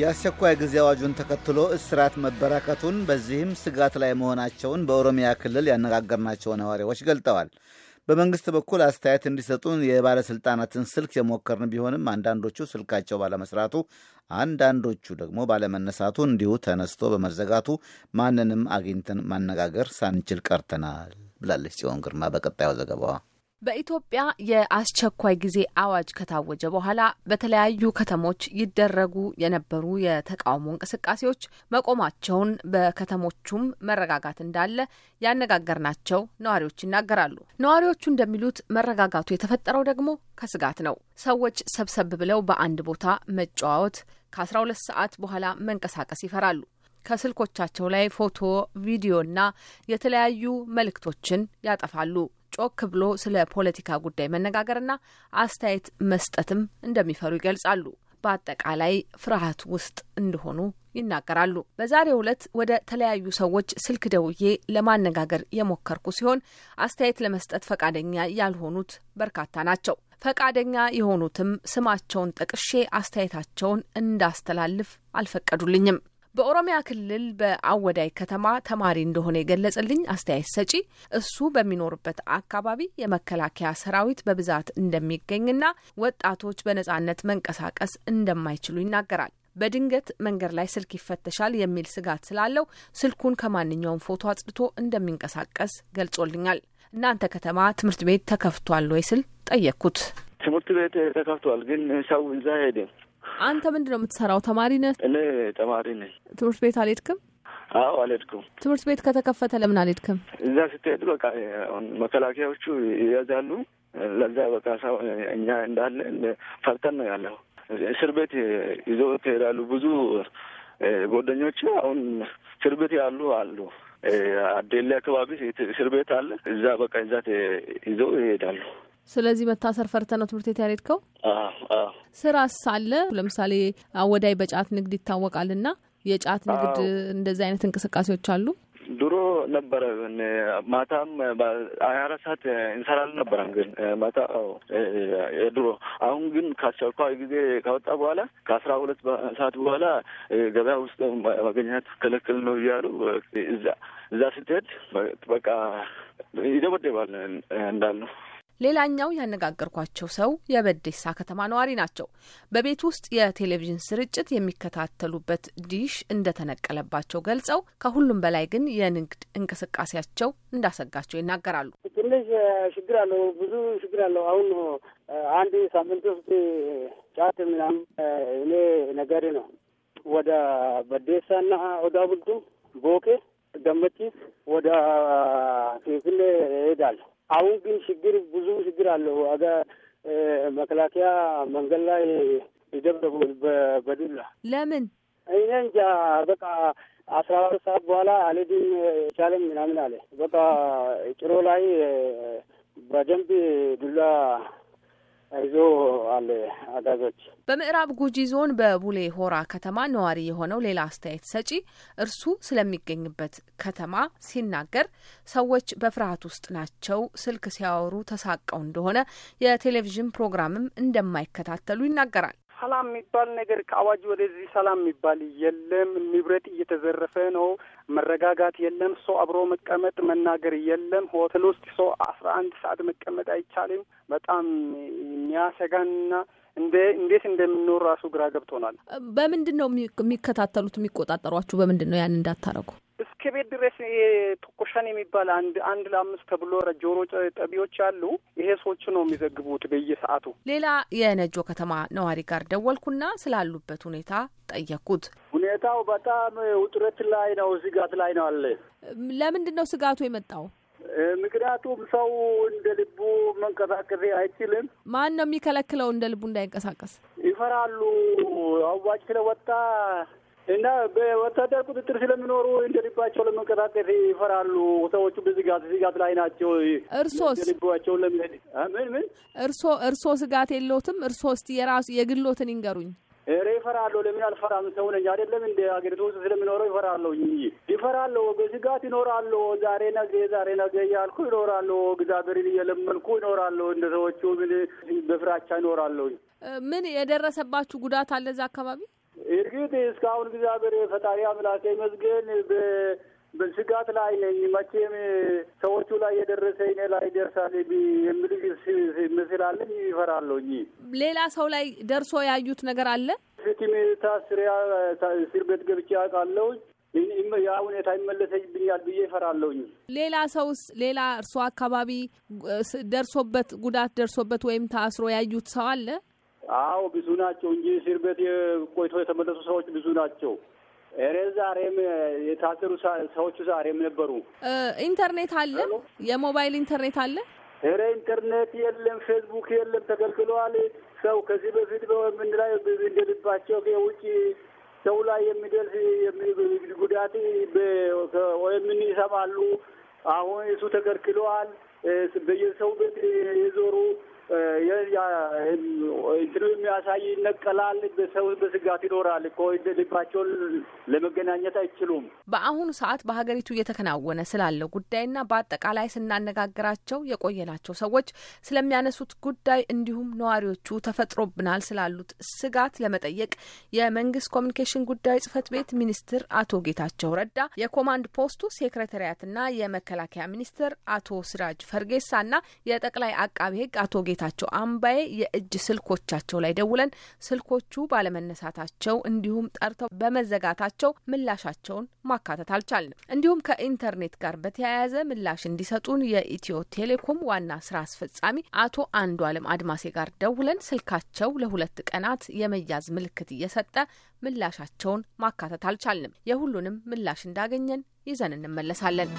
የአስቸኳይ ጊዜ አዋጁን ተከትሎ እስራት መበራከቱን በዚህም ስጋት ላይ መሆናቸውን በኦሮሚያ ክልል ያነጋገርናቸው ነዋሪዎች ገልጠዋል። በመንግስት በኩል አስተያየት እንዲሰጡን የባለሥልጣናትን ስልክ የሞከርን ቢሆንም አንዳንዶቹ ስልካቸው ባለመስራቱ፣ አንዳንዶቹ ደግሞ ባለመነሳቱ እንዲሁ ተነስቶ በመዘጋቱ ማንንም አግኝተን ማነጋገር ሳንችል ቀርተናል ብላለች ጽዮን ግርማ በቀጣዩ ዘገባዋ። በኢትዮጵያ የአስቸኳይ ጊዜ አዋጅ ከታወጀ በኋላ በተለያዩ ከተሞች ይደረጉ የነበሩ የተቃውሞ እንቅስቃሴዎች መቆማቸውን በከተሞቹም መረጋጋት እንዳለ ያነጋገርናቸው ነዋሪዎች ይናገራሉ። ነዋሪዎቹ እንደሚሉት መረጋጋቱ የተፈጠረው ደግሞ ከስጋት ነው። ሰዎች ሰብሰብ ብለው በአንድ ቦታ መጨዋወት፣ ከ12 ሰዓት በኋላ መንቀሳቀስ ይፈራሉ። ከስልኮቻቸው ላይ ፎቶ፣ ቪዲዮና የተለያዩ መልእክቶችን ያጠፋሉ። ጮክ ብሎ ስለ ፖለቲካ ጉዳይ መነጋገርና አስተያየት መስጠትም እንደሚፈሩ ይገልጻሉ። በአጠቃላይ ፍርሃት ውስጥ እንደሆኑ ይናገራሉ። በዛሬው ዕለት ወደ ተለያዩ ሰዎች ስልክ ደውዬ ለማነጋገር የሞከርኩ ሲሆን አስተያየት ለመስጠት ፈቃደኛ ያልሆኑት በርካታ ናቸው። ፈቃደኛ የሆኑትም ስማቸውን ጠቅሼ አስተያየታቸውን እንዳስተላልፍ አልፈቀዱልኝም። በኦሮሚያ ክልል በአወዳይ ከተማ ተማሪ እንደሆነ የገለጸልኝ አስተያየት ሰጪ እሱ በሚኖርበት አካባቢ የመከላከያ ሰራዊት በብዛት እንደሚገኝና ወጣቶች በነጻነት መንቀሳቀስ እንደማይችሉ ይናገራል። በድንገት መንገድ ላይ ስልክ ይፈተሻል የሚል ስጋት ስላለው ስልኩን ከማንኛውም ፎቶ አጽድቶ እንደሚንቀሳቀስ ገልጾልኛል። እናንተ ከተማ ትምህርት ቤት ተከፍቷል ወይ ስል ጠየቅኩት። ትምህርት ቤት ተከፍቷል፣ ግን ሰው እዛ ሄደ አንተ ምንድን ነው የምትሰራው? ተማሪ ነህ? እኔ ተማሪ ነኝ። ትምህርት ቤት አልሄድክም? አዎ አልሄድኩም። ትምህርት ቤት ከተከፈተ ለምን አልሄድክም? እዛ ስትሄድ በቃ መከላከያዎቹ ይያዛሉ። ለዛ በቃ ሰው እኛ እንዳለ ፈርተን ነው ያለው። እስር ቤት ይዞ ትሄዳሉ። ብዙ ጓደኞች አሁን እስር ቤት ያሉ አሉ። አዴሌ አካባቢ እስር ቤት አለ። እዛ በቃ እዛ ይዘው ይሄዳሉ። ስለዚህ መታሰር ፈርተ ነው ትምህርት ቤት ያልሄድከው? ስራስ አለ? ለምሳሌ አወዳይ በጫት ንግድ ይታወቃል እና የጫት ንግድ እንደዚህ አይነት እንቅስቃሴዎች አሉ? ድሮ ነበረ። ማታም ሀያ አራት ሰዓት እንሰራለን ነበረን፣ ግን ማታ ድሮ። አሁን ግን ከአስቸኳይ ጊዜ ከወጣ በኋላ ከአስራ ሁለት ሰዓት በኋላ ገበያ ውስጥ መገኘት ክልክል ነው እያሉ እዛ እዛ ስትሄድ በቃ ይደበደባል እንዳል ነው ሌላኛው ያነጋገርኳቸው ሰው የበዴሳ ከተማ ነዋሪ ናቸው። በቤት ውስጥ የቴሌቪዥን ስርጭት የሚከታተሉበት ዲሽ እንደተነቀለባቸው ገልጸው ከሁሉም በላይ ግን የንግድ እንቅስቃሴያቸው እንዳሰጋቸው ይናገራሉ። ትንሽ ችግር አለው፣ ብዙ ችግር አለው። አሁን አንድ ሳምንት ውስጥ ጫት ምናምን እኔ ነጋዴ ነው ወደ በዴሳና ወደ ቡልቱ ቦኬ ገመቺስ ወደ ፊንፊኔ እሄዳለሁ። አሁን ግን ችግር ብዙ ችግር አለሁ አገ መከላከያ መንገድ ላይ ይደብደቡ በዱላ ለምን እኔ እንጃ። በቃ አስራ አራት ሰዓት በኋላ አልሄድም ቻለም ምናምን አለ። በቃ ጭሮ ላይ በደንብ ዱላ አይዞ አለ አጋዞች በምዕራብ ጉጂ ዞን በቡሌ ሆራ ከተማ ነዋሪ የሆነው ሌላ አስተያየት ሰጪ እርሱ ስለሚገኝበት ከተማ ሲናገር ሰዎች በፍርሃት ውስጥ ናቸው፣ ስልክ ሲያወሩ ተሳቀው እንደሆነ የቴሌቪዥን ፕሮግራምም እንደማይከታተሉ ይናገራል። ሰላም የሚባል ነገር ከአዋጅ ወደዚህ ሰላም የሚባል የለም። ንብረት እየተዘረፈ ነው። መረጋጋት የለም። ሰው አብሮ መቀመጥ መናገር የለም። ሆቴል ውስጥ ሰው አስራ አንድ ሰዓት መቀመጥ አይቻልም። በጣም የሚያሰጋንና እንደ እንዴት እንደምንኖር ራሱ ግራ ገብቶናል። በምንድን ነው የሚከታተሉት? የሚቆጣጠሯችሁ በምንድን ነው? ያን እንዳታረጉ እስከ ቤት ድረስ ቶኮሻን የሚባል አንድ አንድ ለአምስት ተብሎ ጆሮ ጠቢዎች አሉ። ይሄ ሰዎቹ ነው የሚዘግቡት በየሰዓቱ። ሌላ የነጆ ከተማ ነዋሪ ጋር ደወልኩና ስላሉበት ሁኔታ ጠየቅኩት። ሁኔታው በጣም ውጥረት ላይ ነው፣ ስጋት ላይ ነው አለ። ለምንድን ነው ስጋቱ የመጣው? ምክንያቱም ሰው እንደ ልቡ መንቀሳቀስ አይችልም። ማን ነው የሚከለክለው እንደ ልቡ እንዳይንቀሳቀስ? ይፈራሉ። አዋጭ ስለወጣ እና በወታደር ቁጥጥር ስለሚኖሩ እንደልባቸው ለመንቀሳቀስ ይፈራሉ። ሰዎቹ በስጋት ስጋት ላይ ናቸው። እርሶስ ልባቸውን ለመሄድ ምን ምን እርሶ እርሶ ስጋት እርሶ እርሶስ የራሱ የግሎትን ይንገሩኝ። ኧረ ይፈራለሁ። ለምን አልፈራም? ሰው ነኝ አይደለም? እንደ ሀገሪቱ ውስጥ ስለሚኖረው ይፈራለሁ እንጂ ይፈራለሁ። በስጋት ይኖራለሁ። ዛሬ ነገ፣ ዛሬ ነገ እያልኩ ይኖራለሁ። እግዚአብሔርን እየለመንኩ ይኖራለሁ። እንደ ሰዎቹ ምን በፍራቻ ይኖራለሁ። ምን የደረሰባችሁ ጉዳት አለ እዛ አካባቢ? እርግጥ እስካሁን እግዚአብሔር ፈጣሪ አምላክ ይመስገን በስጋት ላይ ነኝ። መቼም ሰዎቹ ላይ የደረሰ እኔ ላይ ደርሳል የሚል ምስል አለኝ። ይፈራለኝ። ሌላ ሰው ላይ ደርሶ ያዩት ነገር አለ። ፊትም ታስሪያ እስር ቤት ገብቼ አውቃለሁኝ። ያ ሁኔታ ይመለሰብኛል ብዬ ይፈራለሁኝ። ሌላ ሰውስ ሌላ እርሶ አካባቢ ደርሶበት ጉዳት ደርሶበት ወይም ታስሮ ያዩት ሰው አለ? አዎ ብዙ ናቸው እንጂ እስር ቤት ቆይቶ የተመለሱ ሰዎች ብዙ ናቸው። ኧረ ዛሬም የታሰሩ ሰዎቹ ዛሬም ነበሩ። ኢንተርኔት አለ፣ የሞባይል ኢንተርኔት አለ። ኧረ ኢንተርኔት የለም፣ ፌስቡክ የለም፣ ተገልግለዋል። ሰው ከዚህ በፊት በምን ላይ እንደልባቸው የውጭ ሰው ላይ የሚደርስ ጉዳት በኦኤምን ይሰማሉ። አሁን እሱ ተከልክለዋል። በየሰው ቤት የዞሩ እንትኑ የሚያሳይ ይነቀላል። በሰው በስጋት ይኖራል እኮ ልባቸውን ለመገናኘት አይችሉም። በአሁኑ ሰዓት በሀገሪቱ እየተከናወነ ስላለው ጉዳይና በአጠቃላይ ስናነጋግራቸው የቆየናቸው ሰዎች ስለሚያነሱት ጉዳይ እንዲሁም ነዋሪዎቹ ተፈጥሮብናል ስላሉት ስጋት ለመጠየቅ የመንግስት ኮሚኒኬሽን ጉዳይ ጽህፈት ቤት ሚኒስትር አቶ ጌታቸው ረዳ፣ የኮማንድ ፖስቱ ሴክሬታሪያትና የመከላከያ ሚኒስትር አቶ ስራጅ ፈርጌሳና የጠቅላይ አቃቤ ህግ አቶ ጌ ጌታቸው አምባዬ የእጅ ስልኮቻቸው ላይ ደውለን ስልኮቹ ባለመነሳታቸው እንዲሁም ጠርተው በመዘጋታቸው ምላሻቸውን ማካተት አልቻልንም። እንዲሁም ከኢንተርኔት ጋር በተያያዘ ምላሽ እንዲሰጡን የኢትዮ ቴሌኮም ዋና ስራ አስፈጻሚ አቶ አንዱ አለም አድማሴ ጋር ደውለን ስልካቸው ለሁለት ቀናት የመያዝ ምልክት እየሰጠ ምላሻቸውን ማካተት አልቻልንም። የሁሉንም ምላሽ እንዳገኘን ይዘን እንመለሳለን።